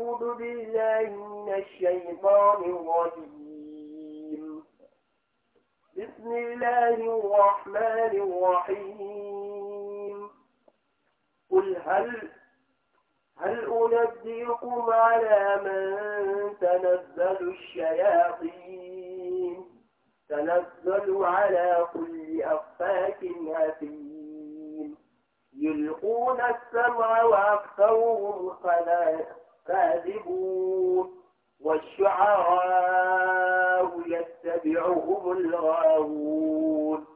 أعوذ بالله من الشيطان الرجيم بسم الله الرحمن الرحيم قل هل هل أنبئكم على من تنزل الشياطين تنزل على كل أفاك أثيم يلقون السمع وأكثرهم خلائق كاذبون والشعراء يتبعهم الغاوون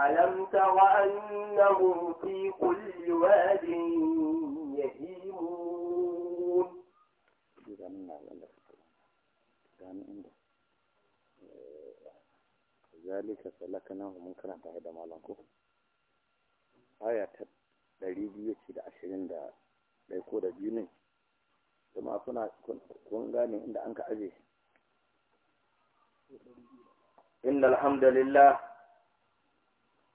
ألم تر أنهم في كل واد يهيمون ذلك سلكناه منكرا بعد ما لنكو آية 221 da ɗaiko da biyu ne kuma kuna kun gane inda an ka aje inna alhamdulillah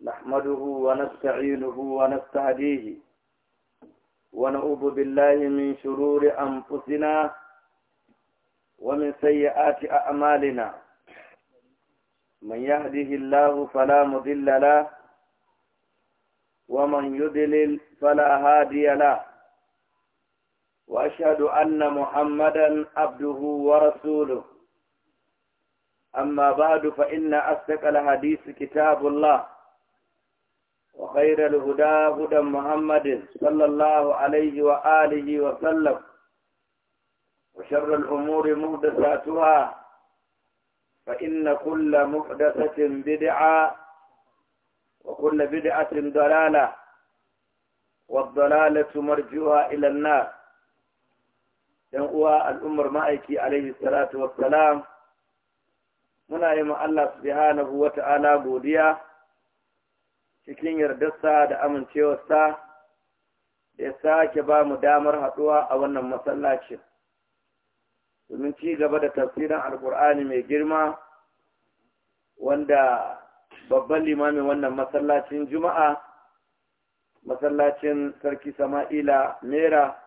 nahmaduhu wa nasta'inuhu wa nasta'dihi wa na'udhu billahi min shururi anfusina wa min sayyiati a'malina من يهده الله فلا مضل له ومن يضلل وأشهد أن محمدا عبده ورسوله أما بعد فإن أصدق الحديث كتاب الله وخير الهدى هدى محمد صلى الله عليه وآله وسلم وشر الأمور محدثاتها فإن كل محدثة بدعة وكل بدعة ضلالة والضلالة مرجوها إلى النار yan uwa al'ummar ma'aiki alaihi salatu wassalam muna yi Allah subhanahu wa ta'ala godiya cikin yardarsa da amincewarsa da ya sake ba mu damar haɗuwa a wannan masallacin domin ci gaba da tafsirin alkur'ani mai girma wanda babban limamin wannan masallacin juma'a masallacin sarki sama'ila mera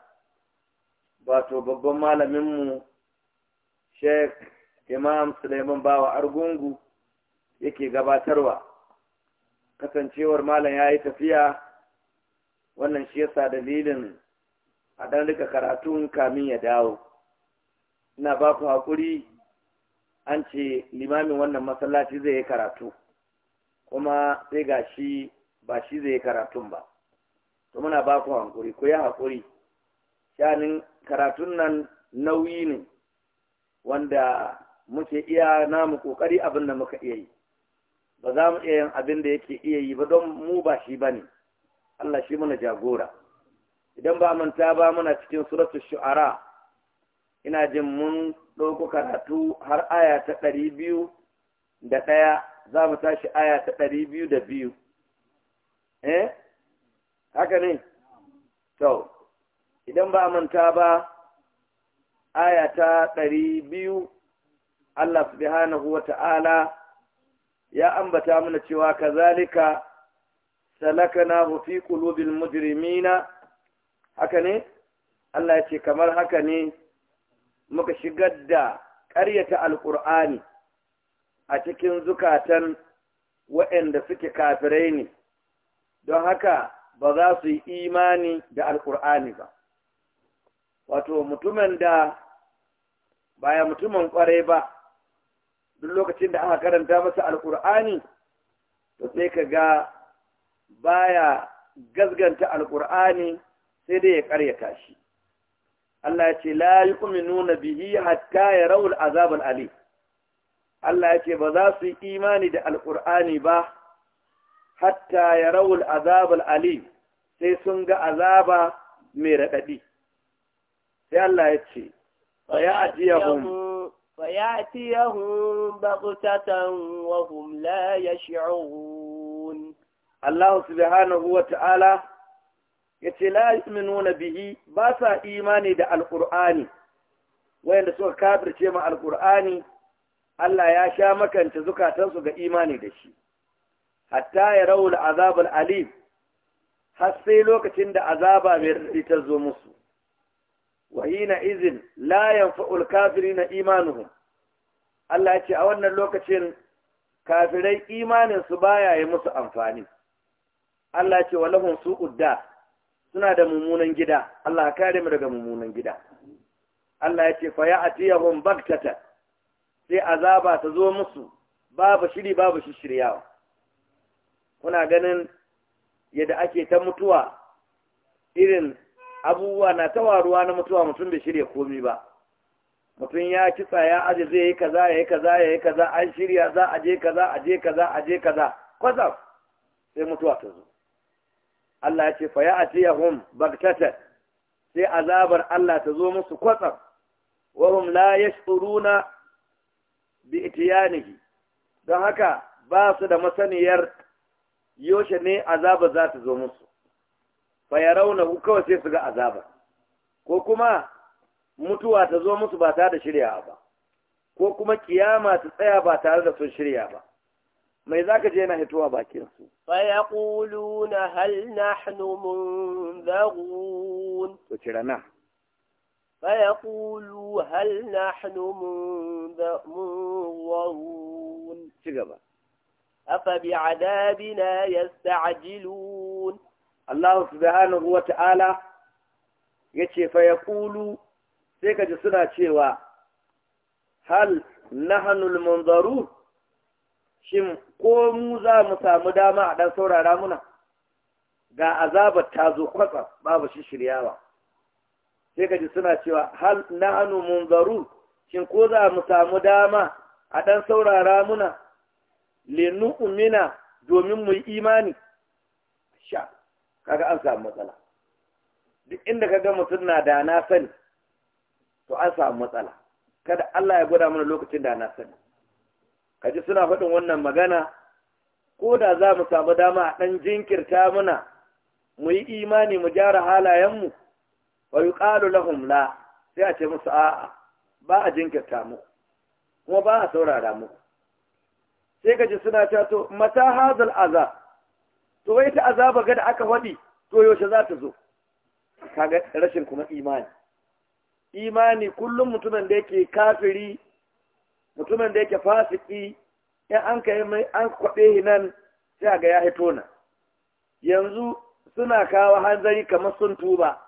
wato babban malaminmu sheikh imam suleiman bawa argungu yake gabatarwa kasancewar malam ya yi tafiya wannan shi yasa dalilin a dan rika karatun kamin ya dawo ina ba ku haƙuri an ce limamin wannan masallaci zai yi karatu kuma sai ga shi ba shi zai yi karatun ba to muna ba ku haƙuri ku yi haƙuri shanin karatun nan nauyi ne wanda muke iya namu kokari abin da muka iya yi ba za mu iya yin abin da yake iya yi ba don mu ba shi ba ne Allah shi muna jagora idan ba manta ba muna cikin suratu shu'ara ina jin mun ɗauko karatu har aya ta ɗari biyu da ɗaya za mu tashi aya ta ɗari biyu da biyu eh haka ne to idan ba manta ba aya ta ɗari biyu Allah subhanahu ta'ala ya ambata mana cewa kazalika na fi qulubil mujrimina haka ne Allah ya ce kamar haka ne muka shigar da ƙaryata alƙur'ani a cikin zukatan waɗanda suke kafirai ne don haka ba za su yi imani da alƙur'ani ba wato mutumin da baya mutumin kwarai ba duk lokacin da aka karanta masa alkur'ani to sai ka ga baya gazganta alkur'ani sai dai ya karyata shi Allah ya ce la nuna bihi hatta yarawul azab al Ali. Allah ya ce ba za su yi imani da alkur'ani ba hatta yarawul azab al Ali sai sun ga azaba mai raɗaɗi sai Allah ya ce fa ya atiyahum fa ya atiyahum baghtatan wa hum la yash'urun Allah subhanahu wa ta'ala yace la nuna bihi ba sa imani da alkur'ani wayanda suka kafirce ma alkur'ani Allah ya sha makanta zukatansu ga imani da shi hatta ya da azabar ali har sai lokacin da azaba mai ta zo musu wa hina izin la yanfa'ul kafirina imanuhum Allah ya ce a wannan lokacin kafirai imanin su baya yi musu amfani Allah ya ce walahum su'udda suna da mummunan gida Allah ya kare mu daga mummunan gida Allah ya ce fa ya'tiyahum baktata sai azaba ta zo musu babu shiri babu shiryawa kuna ganin yadda ake ta mutuwa irin abubuwa na tawaruwa na mutuwa mutum bai shirya komi ba mutum ya kitsa ya aje zai yi kaza ya yi kaza ya yi kaza an shirya za a je kaza a je kaza a je kaza Kwatsam, sai mutuwa ta zo Allah ya ce fa ya atiyahum bagtata sai azabar Allah ta zo musu kwatsam wa hum la yashuruna bi itiyanihi don haka ba su da masaniyar yoshe ne azaba za ta zo musu fa kawai sai su ga azaba ko kuma mutuwa ta zo musu ba tare da shirya ba ko kuma kiyama ta tsaya ba tare da sun shirya ba mai zaka je na hituwa bakin su fa yaquluna hal nahnu munzaghun to cirana fa hal nahnu munzaghun ci afa bi adabina yasta'jilun Allah subhanahu wa ta'ala ya ce fa ya kulu sai ka ji suna cewa hal nahanul munzaru shin ko mu za mu samu dama a ɗan saurara muna ga azabar ta zo kwatsa babu shi shiryawa sai ka ji suna cewa hal nahanu munzaru shin ko za mu samu dama a ɗan saurara muna linu umina domin mu yi imani sha kaga an samu matsala duk inda ka ga mutum na da na sani to an samu matsala kada Allah ya gwada mana lokacin da na sani kaji suna faɗin wannan magana ko da za mu samu dama a ɗan jinkirta muna mu yi imani mu gyara halayenmu wa yi ƙalu lahum la sai a ce musu a'a ba a jinkirta mu kuma ba a saurara mu sai kaji suna cato mata hazal azab to wai ta azaba ga da aka faɗi to yaushe za ta zo kaga rashin kuma imani imani kullum mutumin da yake kafiri mutumin da yake fasiki in an kai mai an kwaɗe shi nan sai ga ya hito na yanzu suna kawo hanzari kamar sun tuba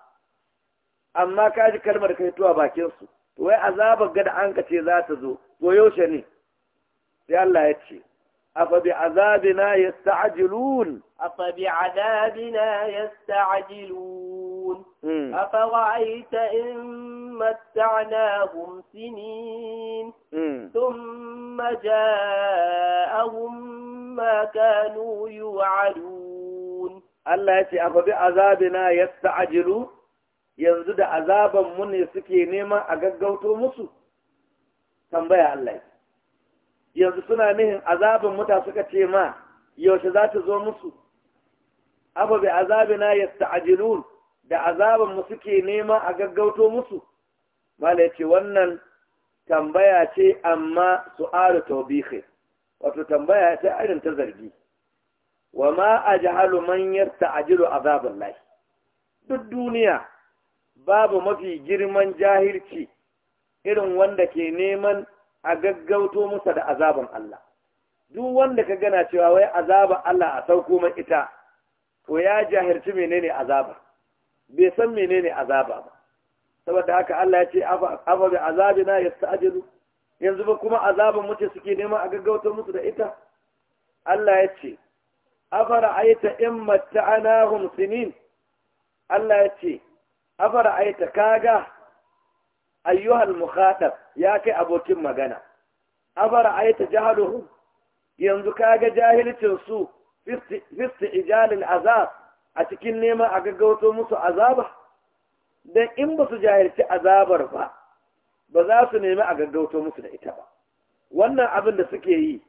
amma ka ji kalmar ka hito a bakin su to wai azabar ga da an ka ce za ta zo to yaushe ne sai Allah ya ce أفبعذابنا يستعجلون أفبعذابنا يستعجلون م. أفرأيت إن متعناهم سنين م. ثم جاءهم ما كانوا يوعدون الله يتي أفبعذابنا يستعجلون yanzu da azaban mu ne suke nema a gaggauto musu tambaya Allah yanzu suna nihin azabin muta suka ce ma yaushe za ta zo musu abu bai azabina ya ta'ajilun da azabin mu suke nema a gaggauto musu mala ce wannan tambaya ce amma su'aru taubihe wato tambaya ce irin ta zargi wa ma a ajhalu man azabin lai duk duniya babu mafi girman jahilci irin wanda ke neman a gaggauto musa da azaban Allah duk wanda ka gana cewa wai azaban Allah a sauko man ita to ya jahirci menene azaba bai san menene azaba ba saboda haka Allah ya ce afa bi azabina yasta'jilu yanzu ba kuma azaban mutu suke nema a gaggauto musu da ita Allah ya ce afara aita in matta'anahum sinin Allah ya ce afara aita kaga ayyuhal mukhatab ya kai abokin magana abara ayta jahaluhu yanzu kaga jahilcin su fisti ijalil azab a cikin neman a gaggauto musu azaba dan in ba su jahilci azabar ba ba za su nemi a gaggauto musu da ita ba wannan abin da suke yi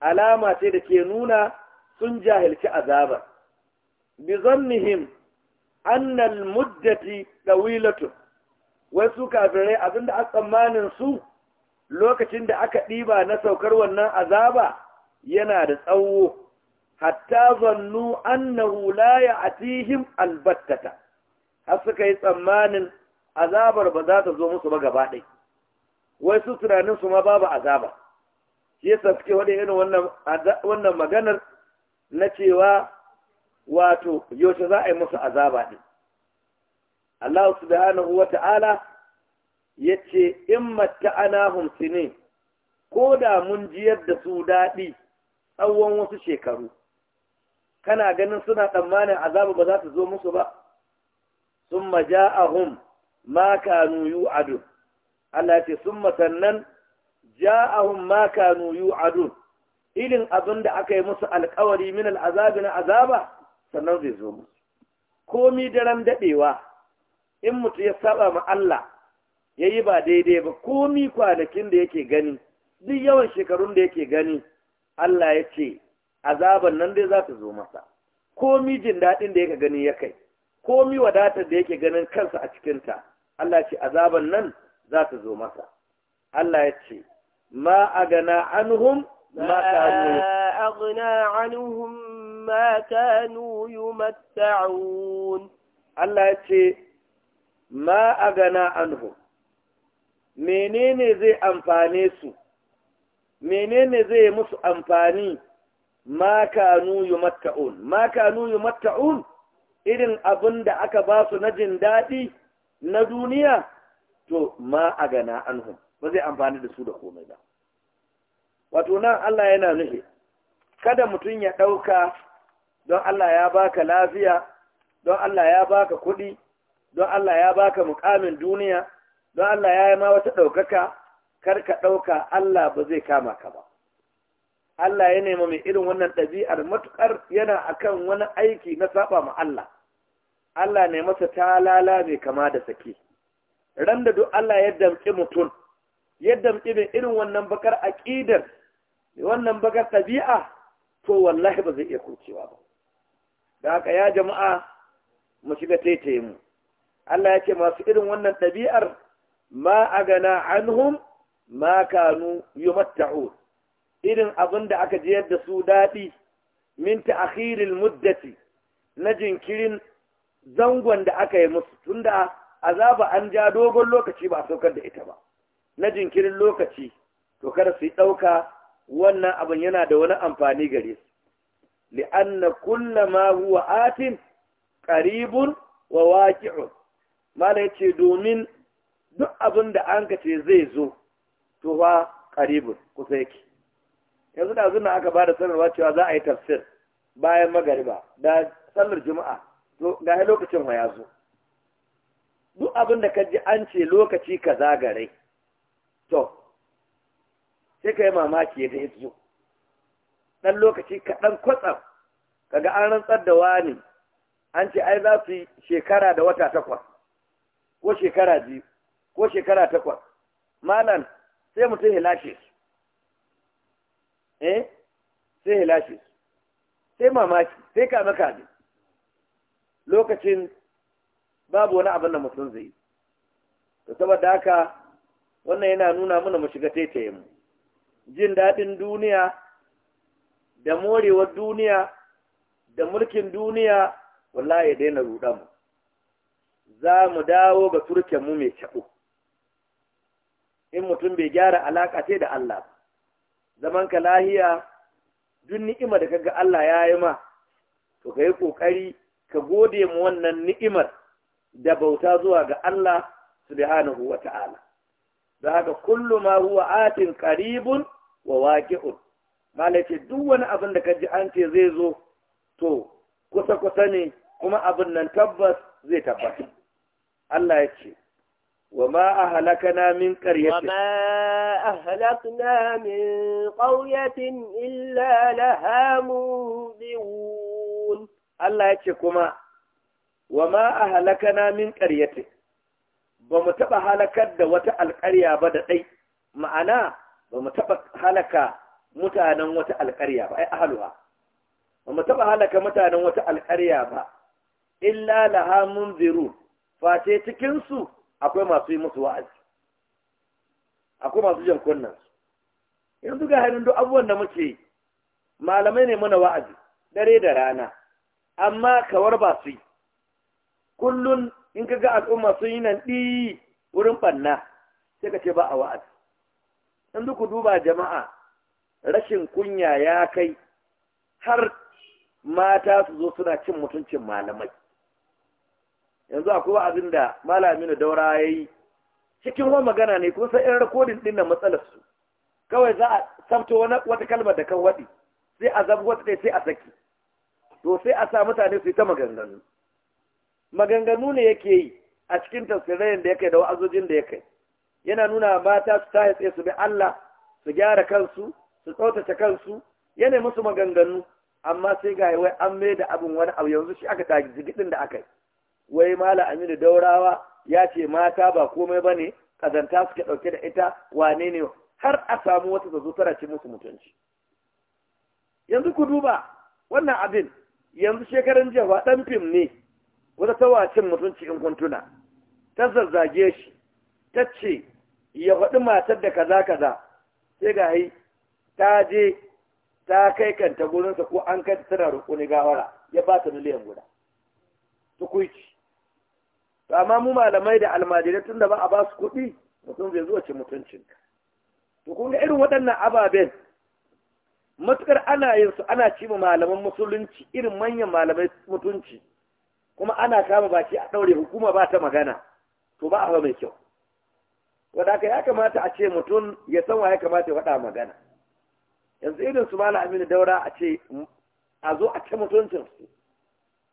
alama ce da ke nuna sun jahilci azabar bi zannihim annal muddati dawilatun Wai su kafirai abinda a tsammanin su lokacin da aka ɗiba na saukar wannan azaba yana da tsawo hatta zannu annahu la ya'tihim albattata har suka yi tsammanin azabar ba za ta zo musu ba gaba ɗaya wai su tunanin su ma babu azaba shi yasa suke wani irin wannan wannan maganar na cewa wato yaushe za a yi musu azaba ɗin Allah subhanahu wa ta'ala ya ce, In ana sinin, ko da mun jiyar da su daɗi tsawon wasu shekaru, kana ganin suna tsammanin azaba ba za su zo musu ba, sun maja'ahum ma kanu yu adun. Allah ce, Sun matannan ja'ahum ma kanu yu adun, ilin abin da aka yi musu alkawari min al'azabi na azaba, sannan zai zo musu. Komi daren daɗewa. in mutu ya saba ma Allah ya yi ba daidai ba komi kwanakin da yake gani duk yawan shekarun da yake gani Allah ya ce azaban nan dai za ta zo masa komi jin daɗin da yake gani ya kai komi wadatar da yake ganin kansa a cikinta Allah ce azaban nan za ta zo masa Allah ya ce ma a gana ma kanu agna anhum ma kanu yumatta'un Allah ya ce ma a gana anhu menene zai amfane su menene zai musu amfani ma kanu yumatta'un ma kanu matta'un? irin abin da aka ba su na jin daɗi na duniya to ma a gana anhu ba zai amfani da su da komai ba wato nan Allah yana nufi kada mutum ya ɗauka don Allah ya baka lafiya don Allah ya baka kuɗi don Allah ya baka mukamin duniya don Allah ya yi ma wata ɗaukaka kar ka ɗauka Allah ba zai kama ka ba Allah ya nema mai irin wannan ɗabi'ar matuƙar yana akan wani aiki na saba ma Allah Allah ne masa talala mai kama da sake ran da duk Allah ya damƙi mutum ya damƙi mai irin wannan bakar aƙidar wannan bakar ɗabi'a to wallahi ba zai iya kurcewa ba da haka ya jama'a mu shiga taitaye mu Allah ya ce masu irin wannan ɗabi'ar ma a gana anhum ma kanu yi irin abin da aka jiyar da su daɗi min ta'khiril muddati na jinkirin zangon da aka yi musu tunda azaba an ja dogon lokaci ba a saukar da ita ba na jinkirin lokaci to kada su yi ɗauka wannan abin yana da wani amfani gare su li'anna kullama huwa atin qaribun wa waqi'un mala ya ce domin duk abin da an ce zai zo to ba karibin kusa yake yanzu da zuna aka ba da sanarwa cewa za a yi tafsir bayan magariba da sallar juma'a to ga lokacin wa ya zo duk abin da kaji an ce lokaci kaza gare to sai ka mamaki ya ya Dan ɗan lokaci kaɗan kwatsam kaga an rantsar da wani an ce ai za su yi shekara da wata takwas ko shekara biyu ko shekara takwas malam sai mutum ya lashe su eh sai hilashe su sai mamaki sai kame lokacin babu wani abin da mutum zai yi to saboda haka wannan yana nuna mana mu shiga taitaye mu jin daɗin duniya da morewar duniya da mulkin duniya wallahi ya daina ruɗa mu za mu dawo ga turken mu mai cabo in mutum bai gyara alaka ce da Allah zaman ka lahiya duk ni'ima da kaga Allah ya yi ma to ka yi ƙoƙari ka gode mu wannan ni'imar da bauta zuwa ga Allah subhanahu wa ta'ala da haka kullu ma huwa atin qaribun wa waqi'un malaka duk wani abin da kaji an ce zai zo to kusa kusa ne kuma abin nan tabbas zai tabbata Allah ya ce, Wa ma a halaka namin ƙaryatin. Wa ma a halaka namin ƙauyatin illa lahamun Allah ya ce kuma, Wa ma a halaka namin ƙaryatin, ba mu taɓa halakar da wata alƙarya ba da ɗai, ma'ana ba mu taɓa halaka mutanen wata alƙarya ba, Ba mu taɓa halaka mutanen wata alƙarya ba, illa lahamun zirur. face cikinsu akwai masu yi musu wa'azi akwai masu jan kunnan yanzu ga hannun duk abubuwan da muke malamai ne mana wa'azi dare da rana amma kawar ba su yi kullun in ka ga al'umma sun yi nan ɗi wurin ɓanna sai ka ce ba a wa'azi yanzu ku duba jama'a rashin kunya ya kai har mata su zo suna cin mutuncin malamai yanzu akwai wa'azin da malamin daura ya yi cikin wani magana ne kun san yan rikodin ɗin na matsalar su kawai za a sabto wata kalmar da kan waɗi sai a zabi wata sai a saki to sai a sa mutane su yi ta maganganu maganganu ne yake yi a cikin tafsirin da yake da wa'azojin da yake yana nuna mata su tahi tsaye su bi Allah su gyara kansu su tsaftace kansu yana musu maganganu amma sai ga wai an mai da abin wani abu yanzu shi aka tagi zigidin da aka yi wai mala aminu daurawa ya ce mata ba komai ba ne kazanta suke ɗauke da ita wane ne har a samu wata zazu tara ce musu mutunci yanzu ku duba wannan abin yanzu shekaran jiya ba ɗan fim ne wata tawacin mutunci in kuntuna ta zazzage shi ta ce ya faɗi matar da kaza kaza sai ga yi ta je ta kai kanta gurinsa ko an kai tana rukuni gawara ya ba ta miliyan guda tukuici to amma mu malamai da almajirai tunda ba a ba su kuɗi mutum zai zuwa ci mutuncin to kun ga irin waɗannan ababen matukar ana yin su ana ci malaman musulunci irin manyan malamai mutunci kuma ana kama baki a ɗaure hukuma ba ta magana to ba a mai kyau wadda aka ya kamata a ce mutum ya san wa kamata ya faɗa magana yanzu irin su mala aminu daura a ce a zo a ce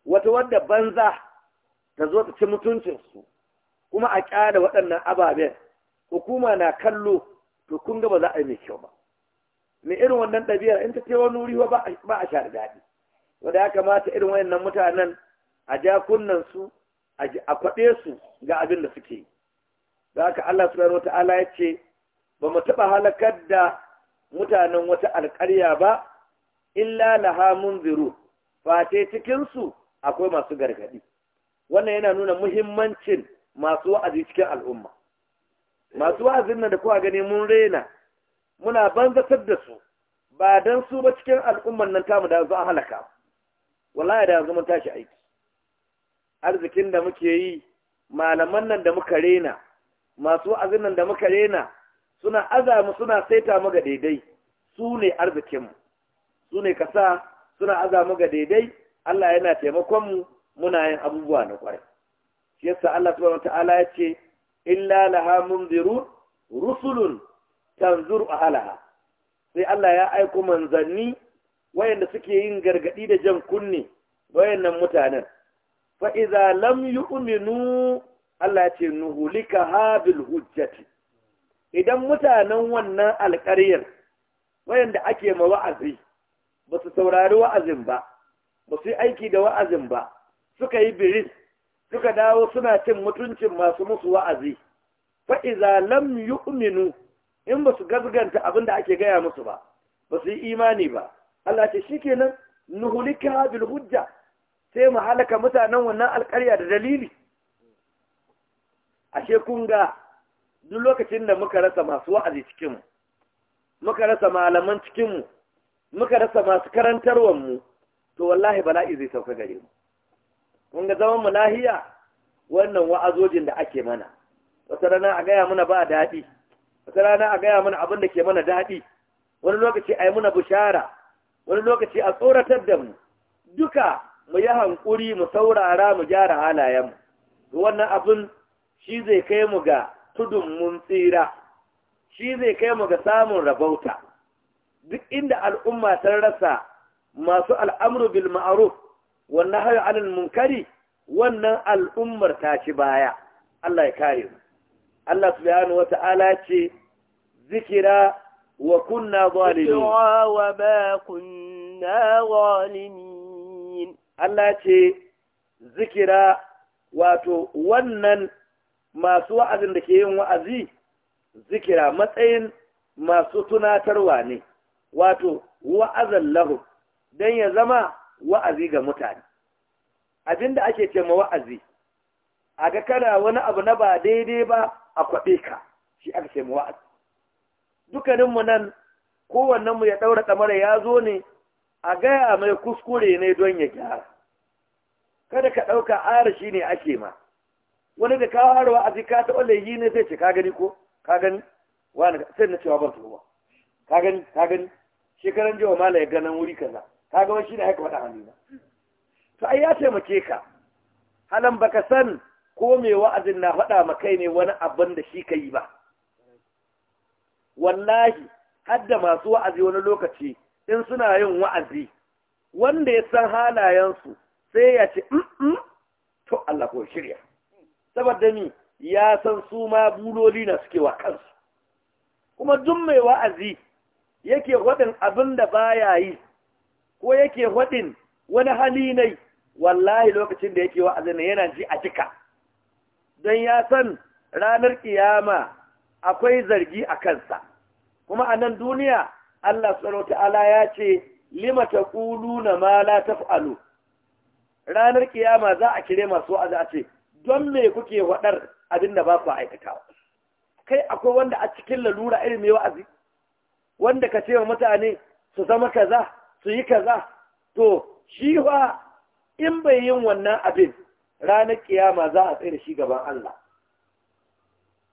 wata wanda banza ta zo ta ci su, kuma a ƙyada waɗannan ababen hukuma na kallo to kun ga ba za a yi mai kyau ba ne irin wannan ɗabi'ar in ta ce wani wuri ba a sha daɗi wanda ya kamata irin wayannan mutanen a ja kunnen su a kwaɗe su ga abin da suke yi da haka Allah subhanahu wata'ala ya ce ba mu taɓa halakar da mutanen wata alƙarya ba illa laha munziru fate cikinsu akwai masu gargaɗi wannan yana nuna muhimmancin masu wa'azi cikin al'umma masu wa'azin na da kuwa gani mun rena muna banzatar da su ba don su ba cikin al'umman nan tamu da zuwa an halaka wallahi da yanzu mun tashi aiki arzikin da muke yi malaman nan da muka rena masu wa'azin nan da muka rena suna azamu suna saita mu ga daidai su ne arzikinmu su ne kasa suna azamu ga daidai Allah yana taimakonmu muna yin abubuwa na kwarai shi yasa Allah subhanahu wataala ya ce illa laha munzirun rusulun tanzuru ahalaha sai Allah ya aiko manzanni wayanda suke yin gargadi da jan kunne wayannan mutanen fa idza lam yu'minu Allah ya ce nuhulika habil hujjati idan mutanen wannan alƙaryar wayanda ake ma wa'azi ba su saurari wa'azin ba ba su yi aiki da wa'azin ba suka yi biris suka dawo suna cin mutuncin masu musu wa'azi fa iza lam yu'minu in ba su gazganta abin da ake gaya musu ba ba su yi imani ba Allah ce shikenan nuhulika bil hujja sai mu halaka mutanen wannan alƙarya da dalili ashe kun ga duk lokacin da muka rasa masu wa'azi cikin mu muka rasa malaman cikin mu muka rasa masu karantarwar mu to wallahi bala'i zai sauka gare mu mun ga zaman mu lahiya wannan wa'azojin da ake mana wata rana a gaya mana ba daɗi wata rana a gaya mana abin da ke mana daɗi wani lokaci a yi mana bushara wani lokaci a tsoratar da mu duka mu yi hankuri mu saurara mu gyara halayenmu wannan abin shi zai kai mu ga tudun mun tsira shi zai kai mu ga samun rabauta duk inda al'umma ta rasa masu al'amru bil ma'ruf wannan hayo alal munkari wannan al'ummar ta ci baya Allah ya kare mu Allah subhanahu wata'ala ce zikira wa kunna zalimin wa ba kunna zalimin Allah ce zikira wato wannan masu wa'azin da ke yin wa'azi zikira matsayin masu tunatarwa ne wato wa'azan lahu don ya zama wa'azi ga mutane abinda ake ce ma wa'azi a ga kana wani abu na ba daidai ba a kwaɓe ka shi aka ce ma wa'azi dukaninmu nan kowannenmu ya ɗaura ɗamara ya zo ne a gaya mai kuskure ne don ya gyara kada ka ɗauka ara shi ne ake ma wani da kawo harawa a ka ta ole yi ne zai ce ka gani ko ka gani wani sai na cewa ban su ba ka gani ka gani shekaran jiwa mala ya ganin wuri kaza kaga wani shi ne aika wata ba to ai ya taimake ka halan baka san ko mai wa'azin na faɗa ma kai ne wani abin da shi ka yi ba wallahi hadda masu wa'azi wani lokaci in suna yin wa'azi wanda ya san halayensu sai ya ce mm, mm, to Allah ko shirya saboda ni ya san su ma buloli na suke wa kansu kuma duk mai wa'azi yake waɗin abin da baya yi ko yake waɗin wani hali ne wallahi lokacin da yake wa'azi ne yana ji a jika don ya san ranar kiyama akwai zargi a kansa kuma a nan duniya Allah tsaro ta'ala ya ce lima ta na ma la taf'alu ranar kiyama za a kire masu wa'azi a ce don me kuke waɗar abin da ba ku aikatawa kai akwai wanda a cikin lalura irin mai wa'azi wanda ka ce wa mutane su zama kaza su yi kaza to shi fa in bai yin wannan abin ranar kiyama za a tsere shi gaban Allah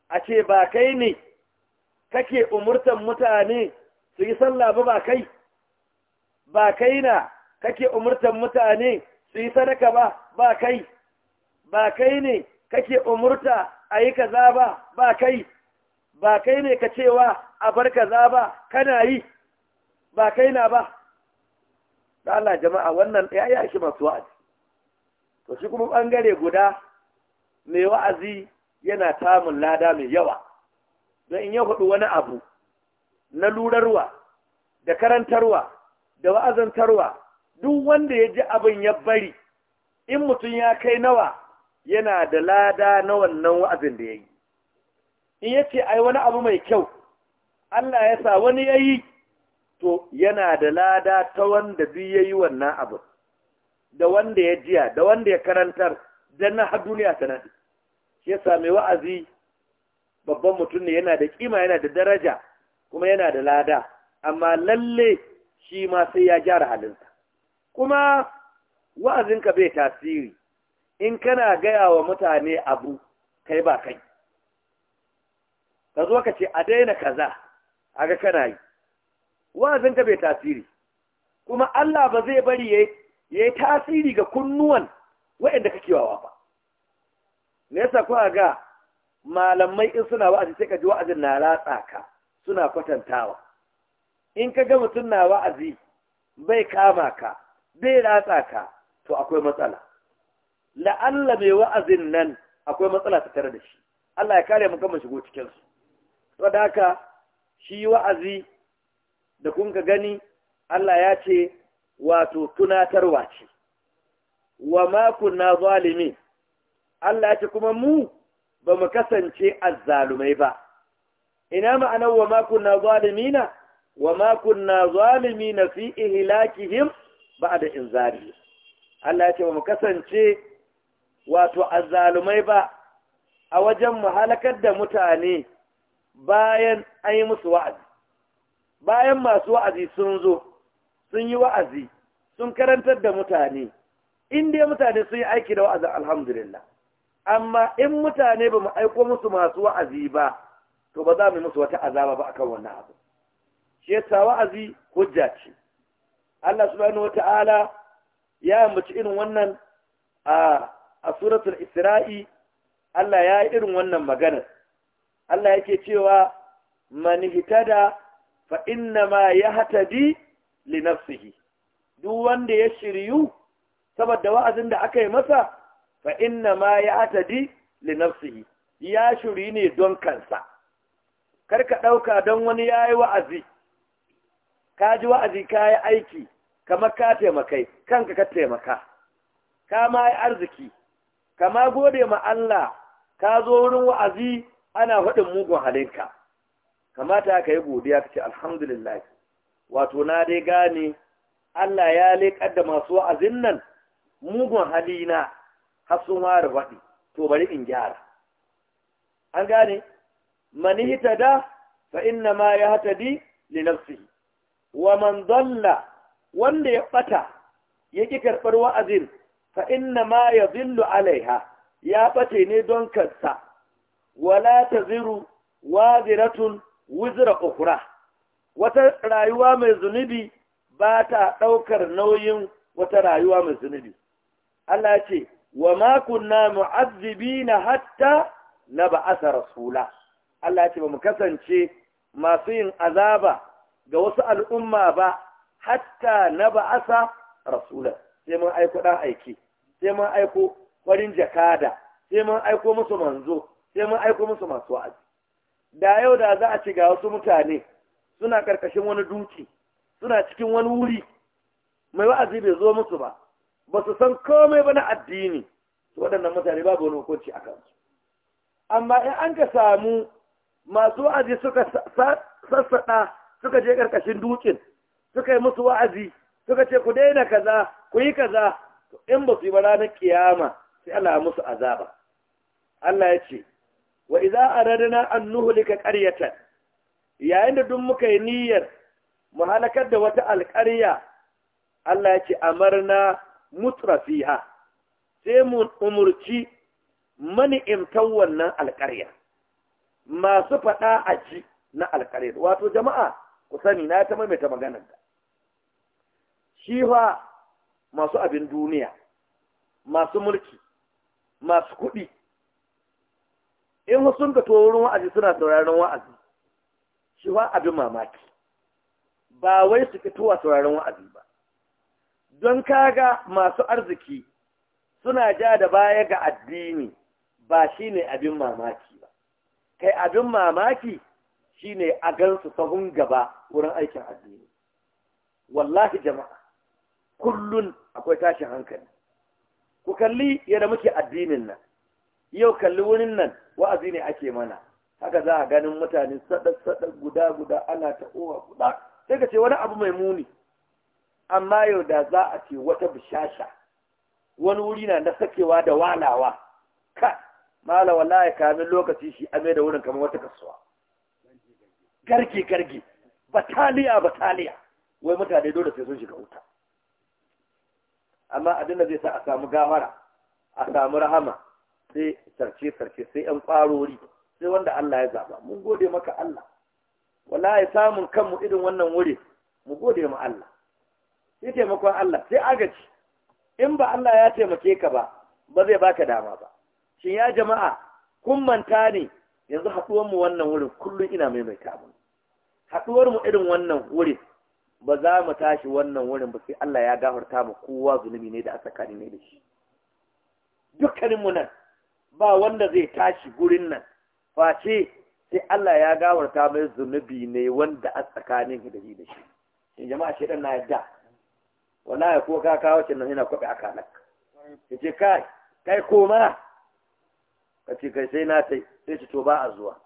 a ce ba kai ne kake umurtan mutane su yi sallah ba ba kai ba kai na kake umurtan mutane su yi sadaka ba ba kai ba kai ne kake umurta a yi kaza ba ba kai ba kai ne ka cewa a bar kaza ba kana yi ba kai na ba da Allah jama'a wannan ya yi shi masu wa'azi to shi kuma bangare guda mai wa'azi yana tamun lada mai yawa don in ya hudu wani abu na lurarwa da karantarwa da wa'azantarwa duk wanda ya ji abin ya bari in mutum ya kai nawa yana da lada na wannan wa'azin da ya yi in ya ce ai wani abu mai kyau Allah ya sa wani ya yi to yana da lada ta wanda duk ya yi wannan abu da wanda ya jiya da wanda ya karantar don na har duniya ta shi ya sami wa'azi babban mutum ne yana da kima yana da daraja kuma yana da lada amma lalle shi ma sai ya gyara halinsa kuma wa'azinka bai tasiri in kana gaya wa mutane abu kai ba kai ka zo ka ce a daina kaza a ga kana yi wa'azinka bai tasiri kuma Allah ba zai bari yayi yi tasiri ga kunnuwan waɗanda kake wawa ba me yasa kuka ga malamai in suna wa'azi sai ka ji wa'azin na ratsa ka suna kwatantawa in ka ga mutum na wa'azi bai kama ka bai ratsa ka to akwai matsala la'alla mai wa'azin nan akwai matsala ta tare da shi Allah ya kare mu kan mu shigo cikin su saboda haka shi wa'azi da kun ka gani Allah ya ce wato tunatarwa ce wa ma kunna zalimi Allah ya ce kuma mu ba mu kasance azzalumai ba ina ma'anar wa ma kunna zalimina wa ma kunna zalimina fi ihlakihim ba'da inzari Allah ya ce ba mu kasance wato azzalumai ba a wajen mu halakar da mutane bayan an musu wa'azi bayan masu wa'azi sun zo sun yi wa'azi sun karantar da mutane in dai mutane sun yi aiki da wa'azin alhamdulillah amma in mutane ba mu aiko musu masu wa'azi ba to ba za mu musu wata azaba ba akan wannan abu shi yasa wa'azi hujja ce Allah subhanahu wata'ala ya mace irin wannan a suratul isra'i Allah ya yi irin wannan maganar. Allah yake cewa manihita da. fa inna ma ya hatadi li nafsihi duk wanda ya shiryu saboda wa'azin da aka yi masa fa inna ma ya hatadi li nafsihi ya shiryu ne don kansa ka ɗauka don wani ya yi wa'azi ka ji wa'azi ka yi aiki kamar ka taimakai kanka ka taimaka ka ma yi arziki kama gode ma Allah ka zo wurin wa'azi ana faɗin mugun halinka kamata ka yi godiya ka ce alhamdulillah wato na dai gane Allah ya leƙar da masu wa'azin nan mugun hali na sun ware faɗi to bari in gyara an gane mani hita da fa inna ma ya hata di linafsihi wa man dalla wanda ya ɓata ya ƙi karɓar wa'azin fa inna ma ya zillu alaiha ya ɓace ne don kansa wala ta ziru waziratun wuzra ukura wata rayuwa mai zunubi ba ta ɗaukar nauyin wata rayuwa mai zunubi Allah ce wa ma kunna na hatta na ba'asa rasula Allah ce ba mu kasance masu yin azaba ga wasu al'umma ba hatta na ba'asa rasula sai mun aiko ɗan aiki sai mun aiko farin jakada sai mun aiko musu manzo sai mun aiko musu masu wa'azi da yau da za a ci ga wasu mutane suna karkashin wani duki suna cikin wani wuri mai wa'azi bai zo musu ba ba su san komai ba na addini waɗannan mutane babu wani hukunci a kansu amma in an ka samu masu wa'azi suka sassaɗa suka je ƙarƙashin dukin suka yi musu wa'azi suka ce ku daina kaza ku yi kaza in ba su yi ba ranar kiyama sai Allah musu azaba Allah ya ce wa idza aradna an nuhlika qaryatan yayin da duk muka yi niyyar mu halakar da wata alƙarya Allah ya ce amarna mutrafiha sai mu umurci imtan wannan alƙarya masu faɗa a ji na alƙarya wato jama'a ku sani na ta maimaita maganar da shi fa masu abin duniya masu mulki masu kuɗi in sun ka to wurin wa'azi suna sauraron wa'azi shi wa abin mamaki ba wai su fitowa sauraron wa'azi ba don kaga masu arziki suna ja da baya ga addini ba shi ne abin mamaki ba kai abin mamaki shi ne a gansu sahun gaba wurin aikin addini wallahi jama'a kullum akwai tashin hankali ku kalli yadda muke addinin nan yau kalli wurin nan wa'azi ne ake mana haka za a ganin mutane saɗa-saɗa guda-guda ana ta owa guda sai ka ce wani abu mai muni amma yau da za a ce wata bishasha wani wuri na na sakewa da walawa ka mala wala ya kamin lokaci shi mai da wurin kamar wata kasuwa garge-garge bataliya bataliya wai mutane dole sai sun shiga wuta amma abin da zai sa a samu gawara a samu rahama sai sarce-sarce sai ‘yan ƙwarori sai wanda Allah ya zaba. mun gode maka Allah wala ya samun kanmu irin wannan wuri mu gode ma Allah sai taimakon Allah sai agaci in ba Allah ya taimake ka ba ba zai baka dama ba shin ya jama'a kun manta ne yanzu haɗuwar mu wannan wurin kullum ina maimaita mu haɗuwar mu irin wannan wurin ba za mu tashi wannan wurin ba sai Allah ya gafarta mu kowa zunubi ne da asakani ne da shi dukkaninmu nan ba wanda zai tashi gurin nan face sai Allah ya gawarta mai zunubi ne wanda a tsakanin da shi da shi in jama'a shedan na yadda ya ko ka kawo cin nan yana kwabe aka nan yace kai kai koma kace kai sai na sai sai ci to ba a zuwa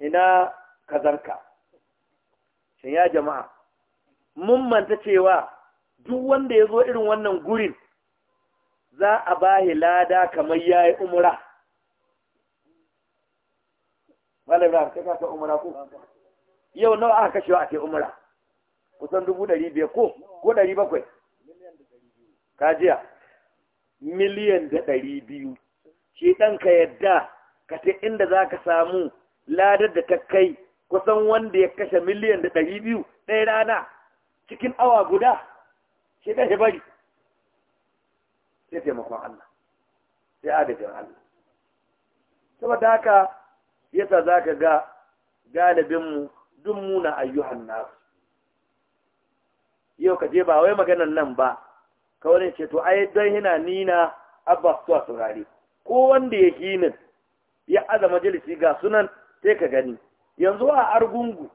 ina kazanka shin ya jama'a mun manta cewa duk wanda ya zo irin wannan gurin za a bahi lada kamar ya yi umra malabar ka kasa umra ko yau nawa aka kashewa a ke umura kusan dubu dari biyar ko ko dari bakwai kajiya miliyan da dari biyu shi ɗanka yadda ka ta inda za ka samu ladar da ta kai kusan wanda ya kashe miliyan da dari biyu ɗaya rana cikin awa guda shi ɗaya bari sai taimakon Allah sai adadin Allah saboda haka yasa za ka ga galibinmu duk muna ayyuhan nasu yau ka je ba wai maganan nan ba kawai ce to ai don yana nina abba su a ko wanda ya hinin ya aza majalisi ga sunan sai ka gani yanzu a argungu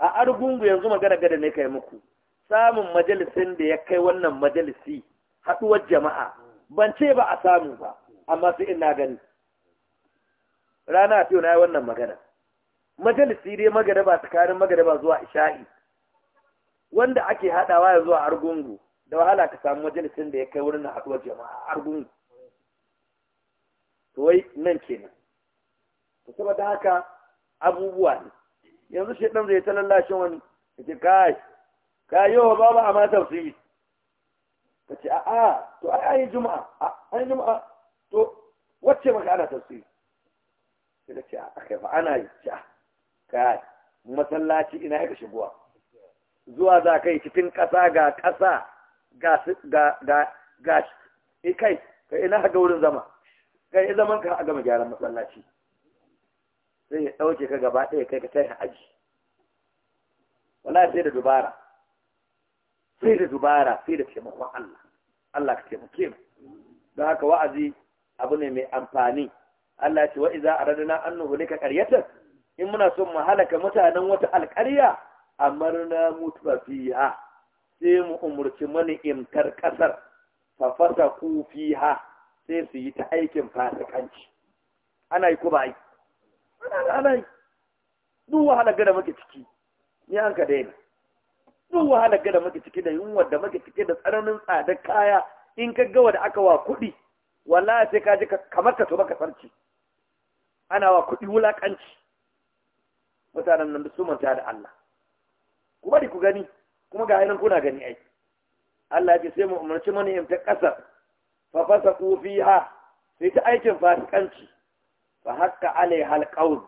a argungu yanzu magana gada ne kai muku samun majalisin da ya kai wannan majalisi Haduwar jama'a ban ce ba a samu ba amma sai ina gani rana fiye na yi wannan magana majalisi dai magaraba tsakanin magaraba zuwa isha'i wanda ake hadawa ya zuwa argungu da wahala ka samu majalisin da ya kai wurin haduwar jama'a argungu to wai nan kenan to saboda haka abubuwa ne yanzu shi ɗan zai ta lallashin wani Ka yi kayo ba ba amma tafsiri ka ce a'a to ai ayi juma'a ai juma'a to wacce maka ana tafsiri sai ka ce kai fa ana yi ta kai masallaci ina ya shigowa zuwa za ka yi cikin ƙasa ga ƙasa ga ga ga ga eh, kai ka ina ga wurin zama kai ya zaman ka a gama gyaran masallaci sai ya ɗauke ka gaba ɗaya kai ka tare aji wala sai da dubara sai da dubara sai da taimakon Allah Allah ka taimake mu don haka wa'azi abu ne mai amfani Allah ya ce wa iza aradna an nuhlika qaryatan in muna son mu halaka mutanen wata alƙarya amarna mutuwa fiha sai mu umurci mani imtar kasar fa fasaku fiha sai su yi ta aikin fasikanci ana yi ko ba yi ana yi duk wahala da muke ciki ni an ka daina duk wahala ga da maka cike da yunwa da maka cike da tsananin tsadar kaya in ka gawa da aka wa kuɗi wallahi sai ka ji kamar ka tuba ka sarki ana wa kuɗi wulakanci mutanen nan su manta da Allah ku bari ku gani kuma ga ainihin kuna gani ai Allah ya ce sai mu umarci mana yin ta ƙasar fa fasa fiha sai ta aikin fasikanci fa hakka alai halqaul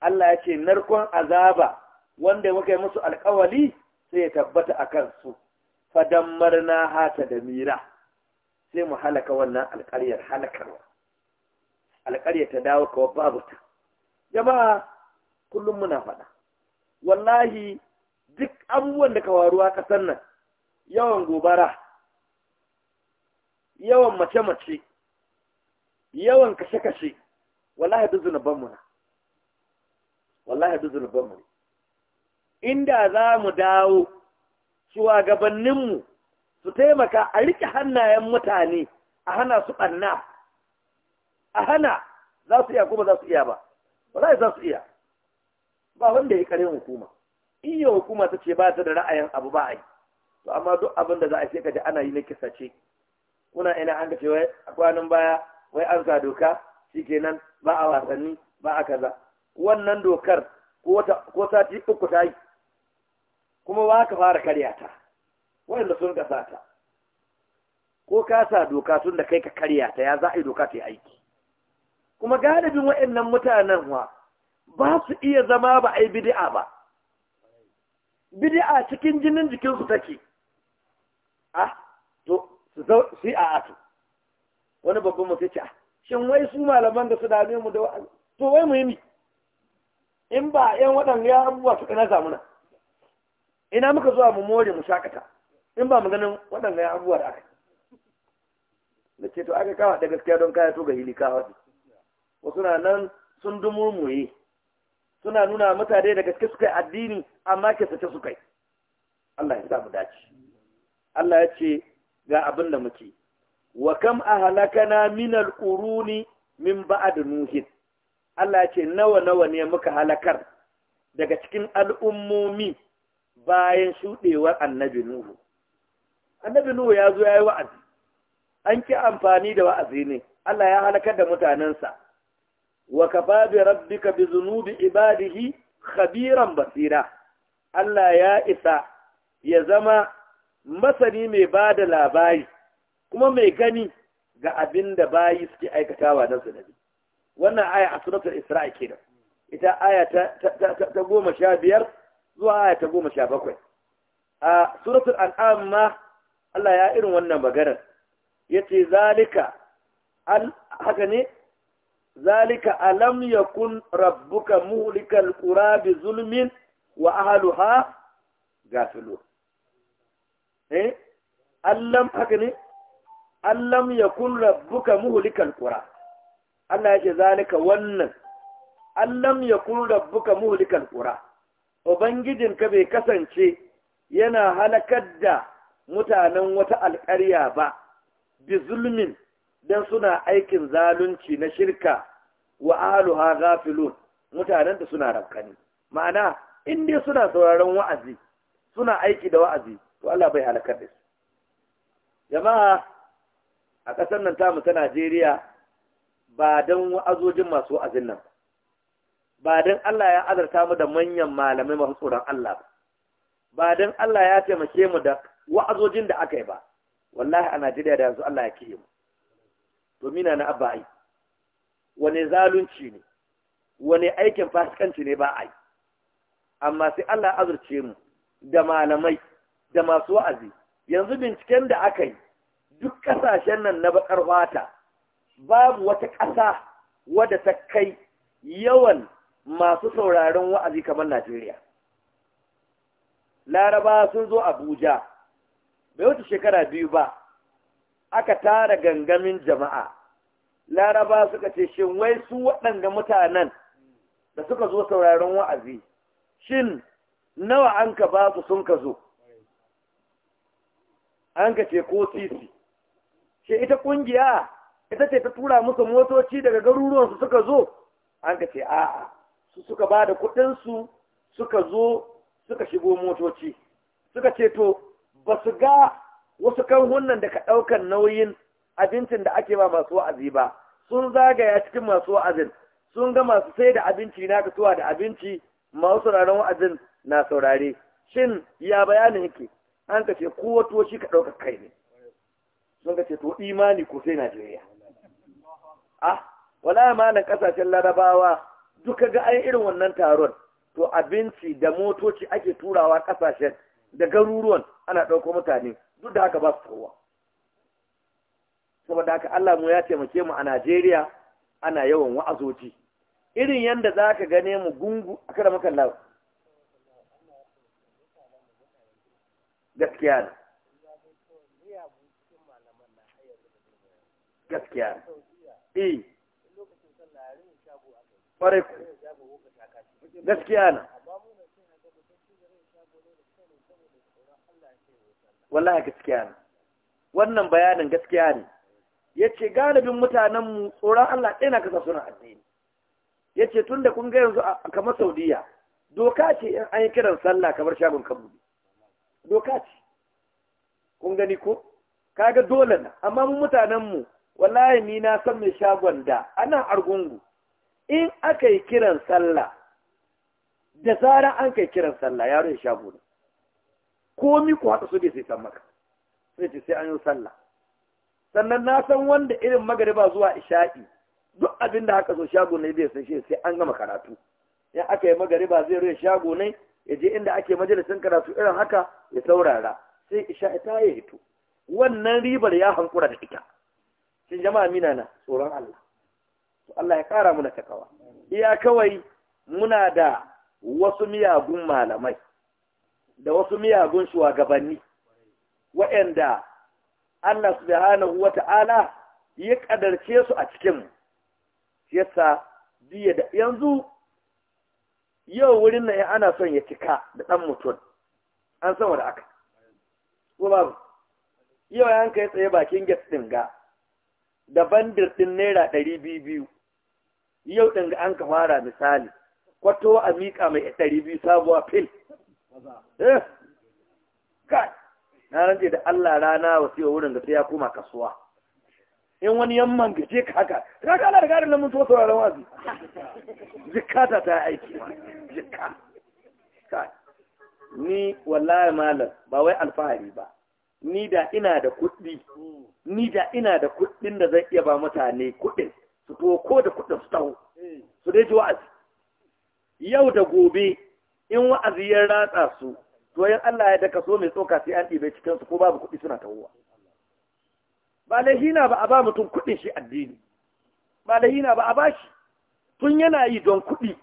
Allah ya ce narkon azaba wanda muka yi musu alƙawali sai ya tabbata a kansu fadammar na hata da mira sai mu halaka wannan alƙaryar halakarwa alƙaryar ta dawo kawa babu ta jama'a kullum muna faɗa wallahi duk abubuwan da kawaruwa ƙasar nan yawan gobara yawan mace-mace yawan kashe-kashe wallahi duk zunubanmu na wallahi duk zunubanmu ne inda za mu dawo shugabanninmu su taimaka a riƙe hannayen mutane a hana su ɓanna a hana za su iya kuma za su iya ba ba za za su iya ba wanda ya ƙarin hukuma iya hukuma ta ce ba ta da ra'ayin abu ba a yi to amma duk abin da za a sheka da ana yi na kisa ce kuna ina an kace wai a kwanan baya wai an sa doka shikenan ba a wasanni ba a kaza wannan dokar ko sati uku ta yi kuma ba ka fara karya ta waɗanda sun kasa ta ko ka sa doka tun da kai ka karya ta ya za a yi doka ta yi aiki kuma galibin waɗannan mutanen wa ba su iya zama ba a yi bidi'a ba bidi'a cikin jinin jikinsu take ah to su yi a wani babban mutu ce shin wai su malaman da su dame mu da wa'azi to wai mu yi in ba yan waɗanda ya abubuwa suka na zamuna ina muka zuwa mu more mu shakata in ba mu ganin ya abubuwa da aka da ce to aka kawo da gaskiya don kaya to ga hili kawo su wasu na nan sun dumurmuye suna nuna mutane da gaske suka yi addini amma ke sace suka yi Allah ya samu dace Allah ya ce ga abin da muke wa kam ahlakana min al-quruni min ba'd nuhin Allah ya ce nawa nawa ne muka halakar daga cikin al'ummomi bayan shuɗewar annabi Nuhu. Annabi Nuhu ya zo ya yi wa'azi, an ki amfani da wa'azi ne, Allah ya halakar da mutanensa, wa kafa bi rabbika bi zunubi ibadihi khabiran basira. Allah ya isa ya zama masani mai ba da labari, kuma mai gani ga abin da bayi suke aikatawa na zunubi. Wannan aya a suratul Isra'i kenan. Ita aya ta goma sha biyar zuwa aya ta goma sha bakwai a suratul al’am ma Allah ya irin wannan maganar ce zalika haka ne zalika alam kun rabbuka muhlikal ƙura bi zulmin wa ahluha gafilun eh allam haka ne allam kun rabbuka muhlikal ƙura Allah ya ce zalika wannan allam kun rabbuka muhlikal ƙura Ubangijinka bai kasance yana halakar da mutanen wata alƙarya ba, bi zulmin don suna aikin zalunci na shirka wa ahaluha gafilun mutanen da suna rafkani. Ma'ana, in dai suna sauraron wa'azi, suna aiki da wa'azi, to Allah bai halakar da su. Jama'a a ƙasar nan tamu ta Najeriya ba don wa'azojin masu wa'azin nan ba. ba don Allah ya azarta mu da manyan malamai masu tsoron Allah ba ba don Allah ya taimake mu da wa'azojin da aka yi ba wallahi a Najeriya da yanzu Allah ya kiye mu to mina na abba ai wane zalunci ne wane aikin fasikanci ne ba ai amma sai Allah azurce mu da malamai da masu wa'azi yanzu binciken da aka yi duk ƙasashen nan na bakar wata babu wata ƙasa wadda ta kai yawan masu sauraron wa'azi kamar Najeriya. Laraba sun zo Abuja, bai wuce shekara biyu ba, aka tara gangamin jama'a. Laraba suka ce, shin wai su waɗanda mutanen da suka zo sauraron wa'azi, shin nawa an ka ba su sun ka zo? An ka ce ko titi. Shi ita ƙungiya, ita ce ta tura musu motoci daga garuruwansu suka zo, an ka ce a'a. su suka ba da kuɗinsu suka zo suka shigo motoci suka ce to ba su ga wasu kanhunan da ka ɗaukan nauyin abincin da ake ba masu wa'azi ba sun zagaya cikin masu wa'azin sun ga masu sai da abinci na kasuwa da abinci masu sauraron wa'azin na saurare shin ya bayanin yake an ka ce ko shi ka ɗaukar kai ne sun ka ce to imani ko sai najeriya ah wala nan ƙasashen larabawa duka ga ayin irin wannan taron to abinci da motoci ake turawa kasashen da garuruwan ana ɗauko mutane duk da haka ba su kowa. saboda haka Allah mu ya taimake mu a Najeriya ana yawan wa'azoji irin yanda za ka gane mu gungu a kada makan lawa gaskiya ne gaskiya ne eh. ƙwarai gaskiya na wallahi gaskiya ne wannan bayanin gaskiya ne ya ce galibin mutanenmu tsoron Allah ɗaya na kasa suna addini ya ce tun da kun ga yanzu a kamar saudiya doka ce in an yi kiran sallah kamar shagon kan doka ce kun gani ko kaga dole na amma mu mutanenmu wallahi ni na san mai shagon da ana argungu in aka yi kiran sallah da zarar an kai kiran sallah ya sha buɗe komi ku haɗa su bai sai san maka sai ce sai an yi sallah sannan na san wanda irin magariba zuwa isha'i duk abin da haka so shago ne bai san shi sai an gama karatu in aka yi magariba zai rufe shago ne ya je inda ake majalisin karatu irin haka ya saurara sai isha'i ta yi hito wannan ribar ya hankura da ita shin jama'a mina na tsoron Allah Allah ya kara muna takawa iya kawai muna da wasu miyagun malamai da wasu miyagun shugabanni waɗanda Allah subhanahu wata'ala ya kadarce su a cikin yasa biye da yanzu yau wurin nan ana son ya cika da ɗan mutum an san wanda aka ko yau yanka ya tsaye bakin gas ɗin ga da bandir ɗin naira ɗari biyu yau ɗin ga an ka fara misali kwato a miƙa mai ɗari biyu sabuwa fil eh, na rantse da Allah rana wa siya wurin da sai ya koma kasuwa in wani yamman gaje ka haka ka ga Allah da garin mun so sauraron wazi zikata ta aiki ma zikka kai ni wallahi malam ba wai alfahari ba ni da ina da kuɗi ni da ina da kuɗin da zan iya ba mutane kuɗin su tuwo ko da kudin su taho eh. su dai ji wa'azi yau da gobe in wa'azi ya ratsa su to yin Allah ya daka so mai tsoka sai an ɗibe cikin su ko babu kuɗi suna tahowa ba laihi na ba a ba mutum kuɗin shi addini ba laihi na ba a ba shi tun yana yi don kuɗi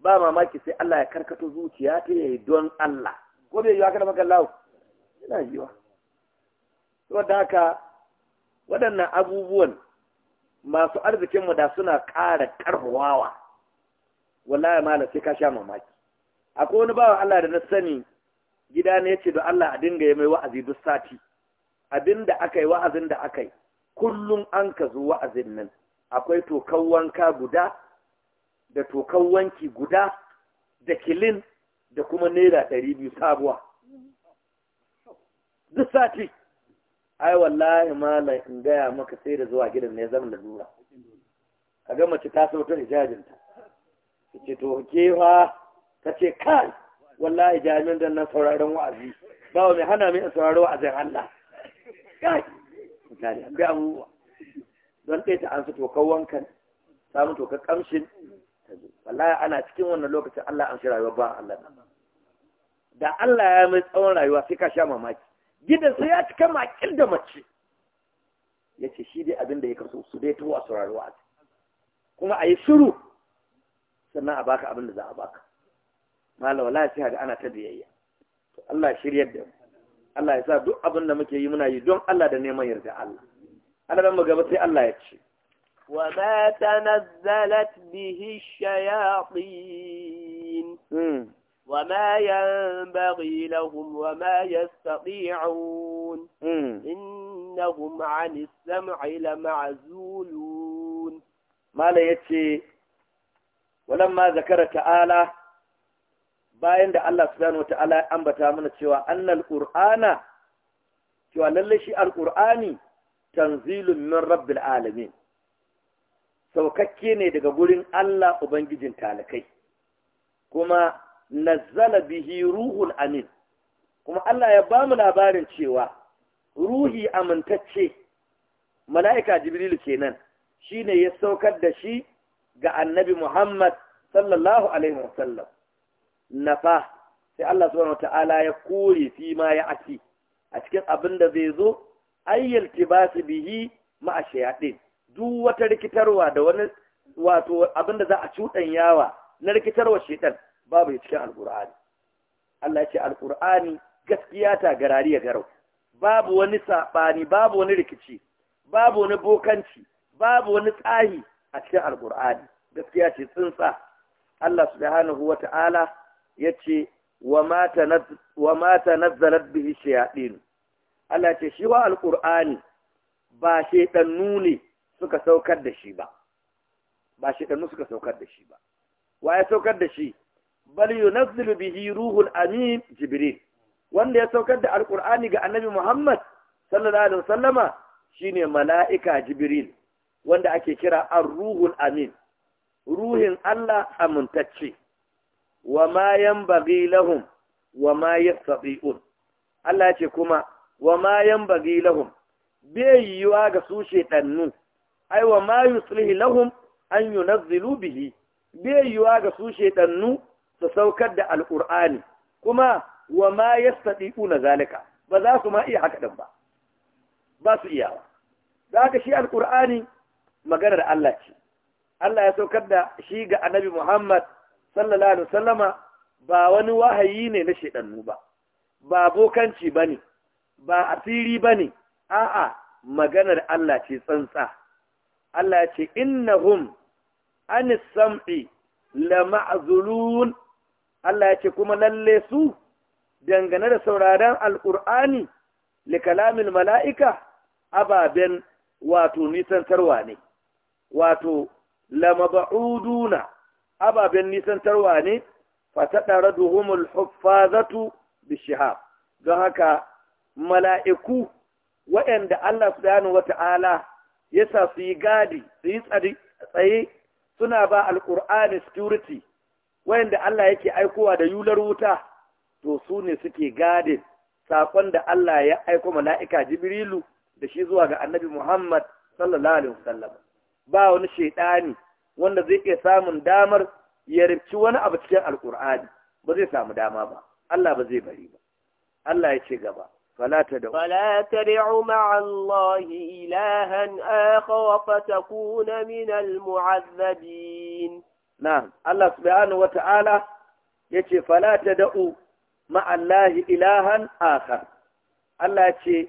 ba mamaki sai Allah ya karkato zuciya ta yi don Allah ko bai yiwa kada maka lawo yana yiwa saboda haka waɗannan abubuwan masu arzikinmu da suna ƙara ƙarfawa wallahi malam sai ka sha mamaki akwai wani bawa Allah da na sani gida ne yace da Allah a dinga yi mai wa'azi duk sati abinda akai wa'azin da aka yi kullum an ka zo wa'azin nan akwai tokan wanka guda da to wanki guda da kilin da kuma naira 200 biyu sabuwa duk sati ai wallahi malam in gaya maka sai da zuwa gidan ne zama lalura ka ga mace ta sauta hijabinta ta ce to ke fa ta ce kai wallahi jami'in dan nan sauraron wa'azi ba mai hana mai in sauraro wa'azin Allah kai mutane akwai abubuwa don ɗaya ta an su tokar wankan samun ka kamshin wallahi ana cikin wannan lokacin Allah an shi rayuwa ba Allah da Allah ya mai tsawon rayuwa sai ka sha mamaki gidansa ya cika makil da mace ya ce shi dai abin da ya kasu su dai tuwa saurari wa kuma a yi shiru sannan a baka abin da za a baka mala wala ga ana ta biyayya to Allah shiryar da Allah ya sa duk abin da muke yi muna yi don Allah da neman yarda Allah Allah dan magaba sai Allah ya ce wa ma tanazzalat bihi shayatin hmm. وما ينبغي لهم وما يستطيعون hmm. إنهم عن السمع لمعزولون ما لا يتي ولما ذكر تعالى bayan da Allah subhanahu wata'ala ya ambata mana cewa annal qur'ana cewa lalle shi alqur'ani tanzilun min rabbil alamin saukakke ne daga gurin Allah ubangijin talakai kuma nazzala bihi ruhul amin kuma Allah ya bamu labarin cewa ruhi amintacce mala'ika jibril kenan shine ya saukar da shi ga annabi Muhammad sallallahu alaihi wasallam nafa sai Allah subhanahu wataala ya kore fi ma ya ati a cikin abin da zai zo ayyal tibasi bihi ma'a shayatin duk wata rikitarwa da wani wato abin da za a cuɗan yawa na rikitarwa shaitan babu ya cikin alkur'ani Allah ya ce alkur'ani gaskiya ta garari ya garau babu wani saɓani babu wani rikici babu wani bokanci babu wani tsahi a cikin alkur'ani gaskiya ce tsinsa Allah subhanahu wata'ala ya ce wa mata nazzalat bihi shayaɗin Allah ce shi wa alkur'ani ba shaiɗannu ne suka saukar da shi ba ba shaiɗannu suka saukar da shi ba wa ya saukar da shi bal yunazzilu bihi ruhul amin jibril wanda ya saukar da alqur'ani ga annabi muhammad sallallahu alaihi wasallama shine mala'ika jibril wanda ake kira ar-ruhul amin ruhin Allah amintacce wa ma yanbaghi lahum wa ma yastati'un Allah ce kuma wa ma yanbaghi lahum bai yiwa ga su shedannu ai wa ma yuslihu lahum an yunazzilu bihi bai yiwa ga su shedannu su saukar da alƙur'ani kuma wa ma ya saɗi na zalika ba za su ma iya haka ɗin ba ba su iya ba za ka shi alƙur'ani maganar Allah ce Allah ya saukar da shi ga annabi Muhammad sallallahu alaihi wasallama ba wani wahayi ne na shedannu ba ba bokanci bane ba asiri bane a'a maganar Allah ce tsantsa Allah ya ce innahum anis sam'i lama'zulun Allah ya ce kuma lalle su dangane da sauraron alƙur'ani li kalamin mala'ika ababen wato nisantarwa ne wato lamaba'uduna ababen nisantarwa ne fataɗara duhumul shi ha, don haka mala'iku waɗanda Allah wa ta’ala ya sa su yi gadi su yi tsaye suna ba alƙur'ani security wayanda Allah yake aikowa da yular wuta to su ne suke gade sakon da Allah ya aiko mala'ika Jibrilu da shi zuwa ga Annabi Muhammad sallallahu alaihi wasallam ba wani shaidani wanda zai iya samun damar ya rubuci wani abu cikin alkur'ani ba zai samu dama ba Allah ba zai bari ba Allah ya ce gaba فلا تدعوا مع الله إلها آخر فتكون من المعذبين na'am Allah subhanahu ta'ala yace fala tad'u ma Allahi ilahan akhar Allah ce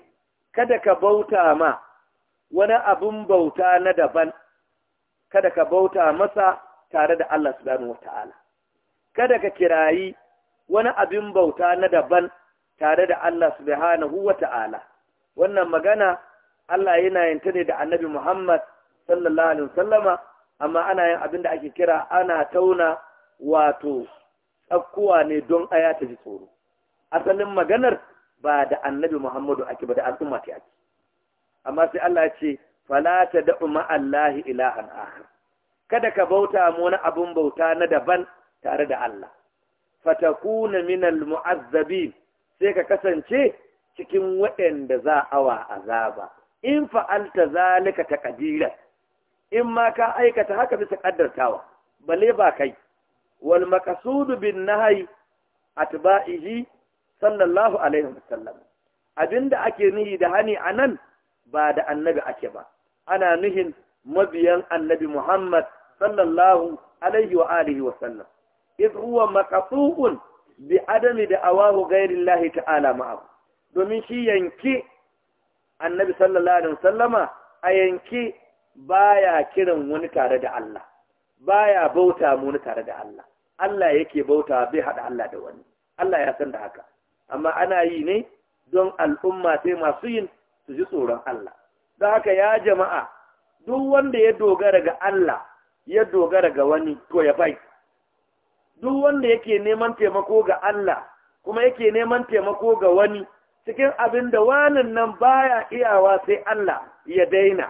kada ka bauta ma wani abun bauta na daban kada ka bauta masa tare da Allah subhanahu ta'ala. kada ka kirayi wani abin bauta na daban tare da Allah subhanahu ta'ala. wannan magana Allah yana yin ta ne da Annabi Muhammad sallallahu alaihi wasallama amma ana yin abin da ake kira ana tauna wato tsakkuwa ne don aya ta ji tsoro asalin maganar ba da annabi muhammadu ake ba da al'umma ta ake amma sai Allah ce fala ta da'u allahi ilahan akhar kada ka bauta mu wani abun bauta na daban tare da Allah fatakuna minal mu'azzabin sai ka kasance cikin waɗanda za a wa azaba in fa'alta zalika taqdira in ma ka aikata haka bisa kaddartawa balle ba kai wal maqsudu bin nahyi atba'ihi sallallahu alaihi wasallam abinda ake nihi da hani anan ba da annabi ake ba ana nihin mabiyan annabi Muhammad sallallahu alaihi wa alihi wasallam huwa maqsu'un bi adami da awahu ghairillahi ta'ala ma'ahu domin shi yanki annabi sallallahu alaihi wasallama a yanki baya kiran wani tare da Allah baya bauta mu wani tare da Allah Allah yake bauta bai hada Allah da wani Allah ya san da haka amma ana yi ne don al'umma sai masu yin su ji tsoron Allah don haka ya jama'a duk wanda ya dogara ga Allah ya dogara ga wani to ya bai duk wanda yake neman taimako ga Allah kuma yake neman taimako ga wani cikin abin da wanan nan baya iyawa sai Allah ya daina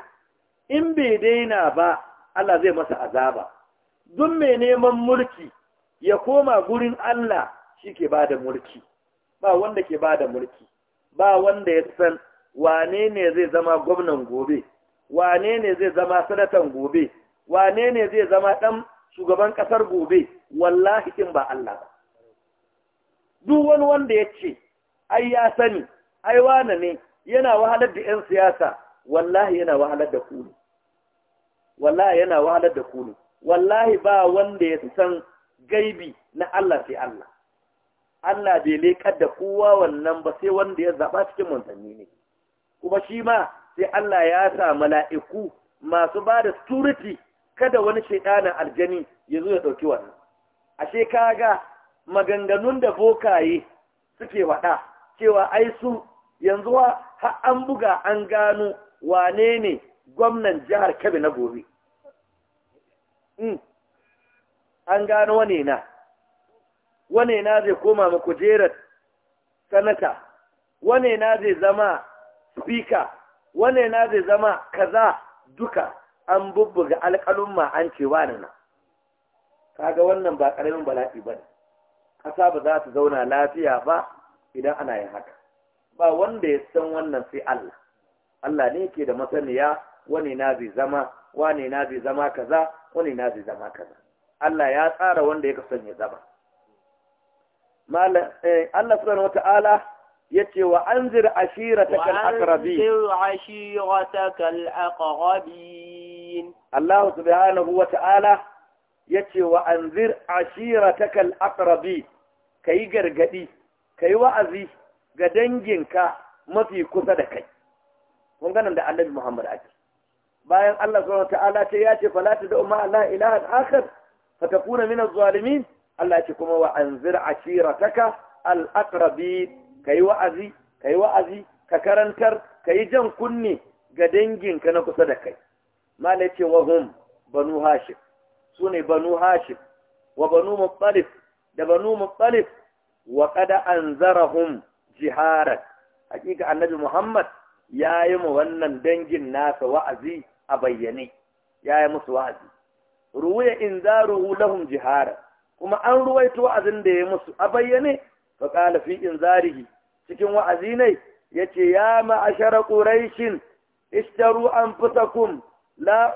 in bai daina ba Allah zai masa azaba dun mai neman mulki ya koma gurin Allah shi ke bada mulki ba wanda ke bada mulki ba wanda ya san wane ne zai zama gwamnan gobe wane ne zai zama sanatan gobe wane ne zai zama ɗan shugaban ƙasar gobe wallahi in ba Allah ba duk wani wanda ya ce ai ya sani ai wane ne yana wahalar da 'yan siyasa wallahi yana wahalar da ku ne wallahi yana wahalar da ku wallahi ba wanda ya san gaibi na Allah sai Allah Allah bai lekar da kowa wannan ba sai wanda ya zaba cikin manzanni ne kuma shi ma sai Allah ya sa mala'iku masu ba da sturiti kada wani shaidanin aljani ya zo ya ɗauki wannan ashe kaga maganganun da bokaye suke waɗa cewa ai su yanzu har an buga an gano wane ne gwamnan jihar Kebbi na gobe Mm. an gano wane na wane na zai koma ma kujerar sanata wane na zai zama spika. wane na zai zama kaza duka an bubbuga alƙalumma an ce wane Ka ga wannan ba ƙaramin bala'i ba ƙasa ba za ta zauna lafiya ba idan ana yin haka ba wanda ya san wannan sai Allah Allah ne ke da masaniya wane na zai zama wane na zai zama kaza wani na zai zama kaza Allah ya tsara wanda ya kasan ya zama eh, Allah subhanahu wa ta'ala ya ce wa an zira ashira ta kan akarabi Allah subhanahu wa ta'ala ya ce wa an zira ashira ta kan ka yi gargadi ka yi wa'azi ga danginka mafi kusa da kai kun ganin da annabi Muhammad ake bayan Allah subhanahu ta'ala ce ya ce fala ta da'u ma Allah ilahan akhar fa takuna min az-zalimin Allah ce kuma wa anzir ashirataka al-aqrabin kai wa'azi kai wa'azi ka karantar kai jan kunni ga danginka na kusa da kai malai ce wa hum banu hashim sune banu hashim wa banu muttalib da banu muttalib wa qad anzarahum jiharat hakika annabi Muhammad ya yi mu wannan dangin nasa wa'azi a bayyane ya yi musu wa'azi ruwaya in za ruhu lahun jihara kuma an ruwaito wa'azin da ya musu a bayyane fa in za inzarihi cikin wa'azi ne ya ce ya ma'ashara quraishin ishtaru anfusakum la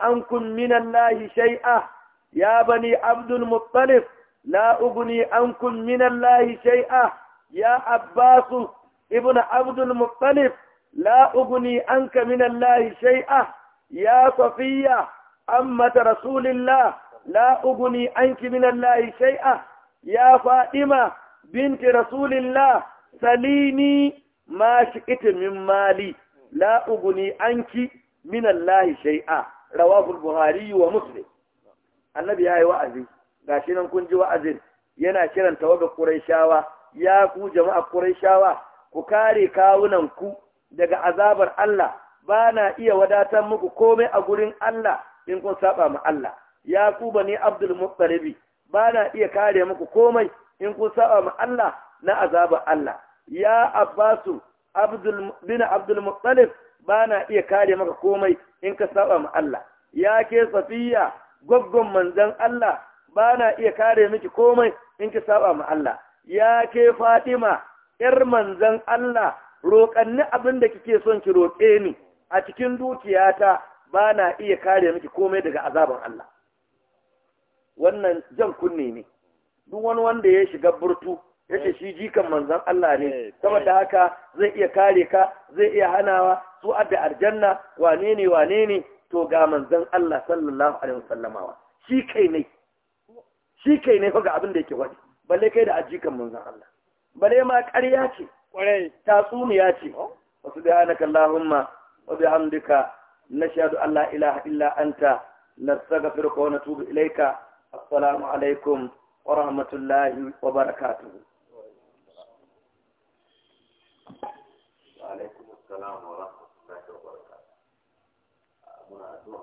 an kun minan lahi shai'a ya bani abdul muttalib la an kun minan lahi shai’a ya abbasu, ibn abdul muttalib la an anka minan lahi shai’a ya safiya ammata rasulillah la uguni anki min Allah shay'a ya fadima binti rasulillah salini ma shi'ti min mali la uguni anki min Allah shay'a rawahu al-bukhari wa muslim annabi yayi wa'azi gashi nan kun ji wa'azin yana kiran tawaga quraishawa ya ku jama'a quraishawa ku kare kawunan ku daga azabar Allah ba na iya wadatar muku komai a gurin Allah in kun saba ma Allah ya ku Abdul Muttalibi ba na iya kare muku komai in kun saba ma Allah na azaba Allah ya Abbasu Abdul bin Abdul Muttalib ba na iya kare maka komai in ka saba ma Allah ya ke Safiya goggon manzon Allah ba na iya kare miki komai in ka saba ma Allah ya ke Fatima ‘yar manzan Allah, roƙanni abin da kike son ki roƙe ni, a cikin dukiyata ba na iya kare miki komai daga azaban Allah wannan jan kunne ne duk wani wanda ya shiga burtu ya ce shi jikan manzan Allah ne eh, eh. saboda haka zai iya kare ka zai iya hanawa su adda aljanna wane ne wane ne to ga manzan Allah sallallahu alaihi wasallamawa shi kai ne shi kai ne ga abin da yake wadi balle kai da ajikan manzan Allah balle ma ƙarya ce tatsuniya ce oh. wasu da hanaka Allahumma وبحمدك نشهد أن لا إله إلا أنت نستغفرك ونتوب إليك السلام عليكم ورحمة الله وبركاته وعليكم السلام ورحمة الله وبركاته